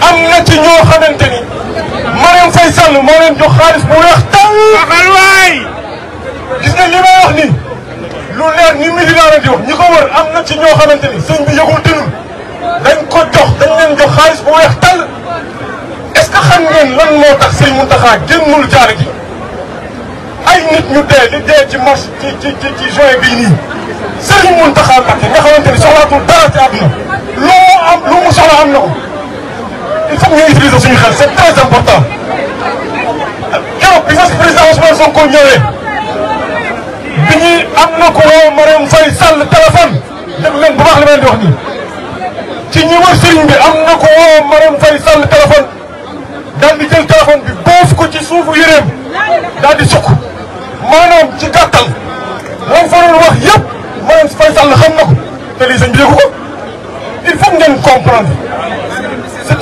am na ci ñoo xamante ni Marième Faye Sall moo leen jox xaalis bu weex taw. waxal waay. gis nga li may wax ni lu leer ni mi dinaa leen di wax ñi ko wër am na ci ñoo xamante ni sëñ bi yëgul tënul dañ ko jox dañ leen jox xaalis bu weex tàll est-ce que xam ngeen lan moo tax sëñ Mountakha génnul jaar gi ay nit ñu dee li dee ci mars ci ci ci ci juin bii nii sëñ Mountakha Mbacké nga xamante ni soxlaatul dara ci àdduna lu mu am lu mu soxla am na ko il faut que utiliser ce c'est très important Quand bi président Ousmane Sonko ñëwee bi Amna Faye téléphone pour bu leen di wax ci téléphone Dans le téléphone bi bof ko ci suufu yëreem dans di sukk maanaam ci Mon frère, wax Faye Sall il faut vous comprendre.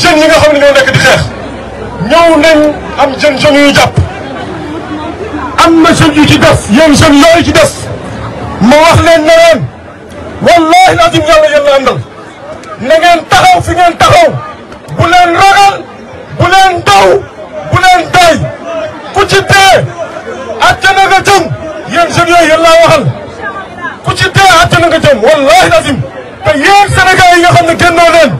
jeunes yi nga xam ne ñoo nekk di xeex ñëw nañ am jeunes jeunes yu jàpp am na jeunes yu ci des yéen jeunes yooyu ci des ma wax leen ne leen wallahi lazim yàlla yéen la àndal na ngeen taxaw fi ngeen taxaw bu leen ragal bu leen daw bu leen day ku ci dee àjjana nga jëm yéen jeunes yooyu yéen waxal ku ci dee àjjana nga jëm wallahi lazim te yéen Sénégal yi nga xam ne génnoo leen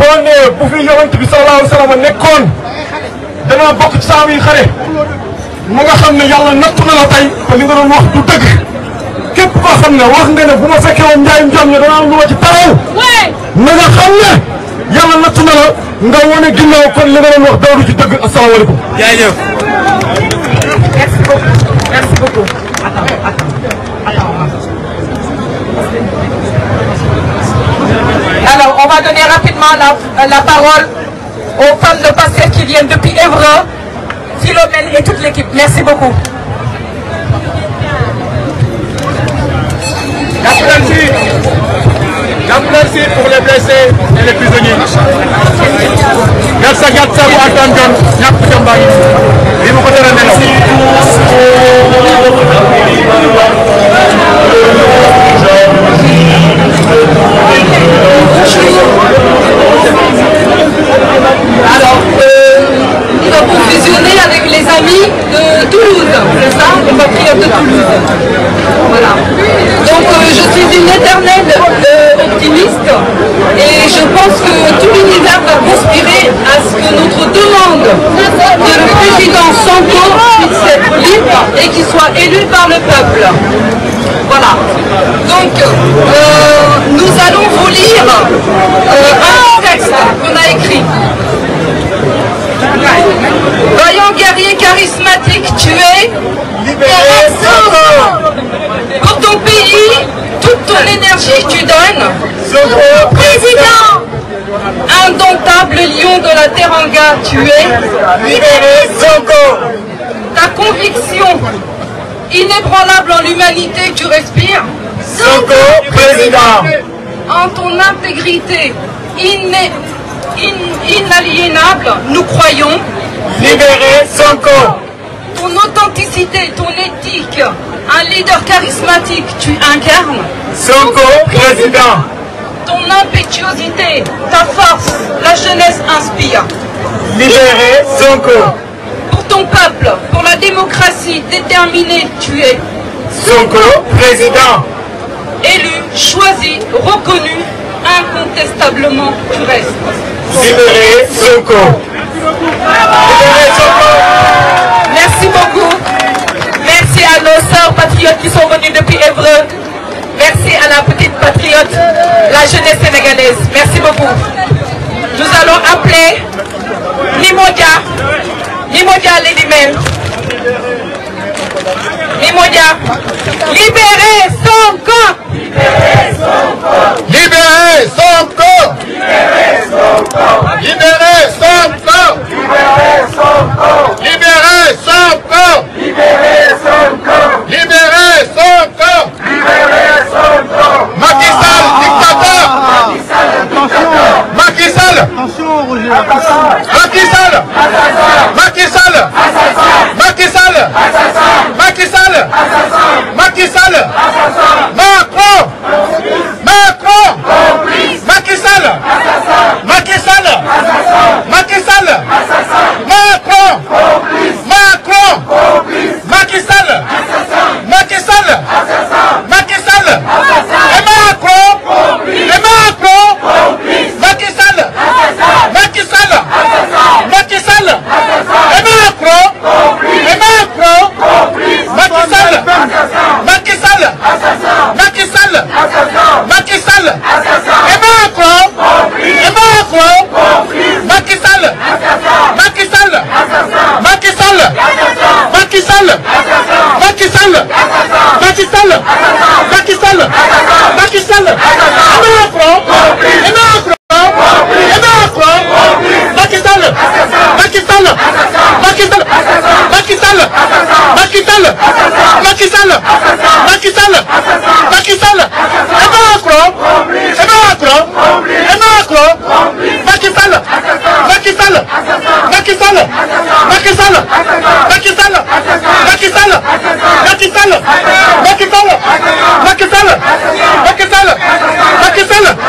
boo bu fi yonent bi sallallahu alayhi wa sallam nekkoon danaa bokk ci saa yu xare mu nga xam ne yàlla nattu na la tey li nga doon wax du dëgg xam ne wax nga ne bu ma fekkee woon njaayum jom ne danaa am lu ma ci taxaw na nga xam ne yàlla nattu na nga wane ginnaaw kon li nga doon wax dawdu ci dëgg asalaamaaleykum. jaajëf. merci on va donner rapidement la, parole aux femmes de Pasteur qui viennent depuis Évreux, Philomène et toute l'équipe. Merci beaucoup. Merci pour les blessés et les prisonniers. Merci à vous, John, alors, euh, nous avons fusionné avec les amis de Toulouse, c'est ça Les patriotes de Toulouse. Voilà. Donc, euh, je suis une éternelle euh, optimiste et je pense que tout l'univers va conspirer à ce que notre demande de le président Sanko puisse être libre et qu'il soit élu charismatique tué, Pour ton pays, toute ton énergie tu donnes. Président Indomptable lion de la Teranga es Libéré Ta conviction inébranlable en l'humanité tu respires. Soko, président En ton intégrité inaliénable, nous croyons. Libéré, Sanko Ton authenticité, ton éthique, un leader charismatique, tu incarnes Sanko, président Ton impétuosité, ta force, la jeunesse inspire Libéré, Sanko Pour ton peuple, pour la démocratie déterminée, tu es Sanko, président Élu, choisi, reconnu, incontestablement, tu restes Libéré, Sanko Merci beaucoup. Merci à nos sœurs patriotes qui sont venues depuis Évreux. Merci à la petite patriote, la jeunesse sénégalaise. Merci beaucoup. Nous allons appeler Limodia. Limodia Lady Limodia. Libérez son corps. Libérez son corps. Libérez son corps. Libérez son corps. Pakistan Pakistan Pakistan Pakistan Macky Sall Macky Sall Macky Sall Macky Sall Macky Sall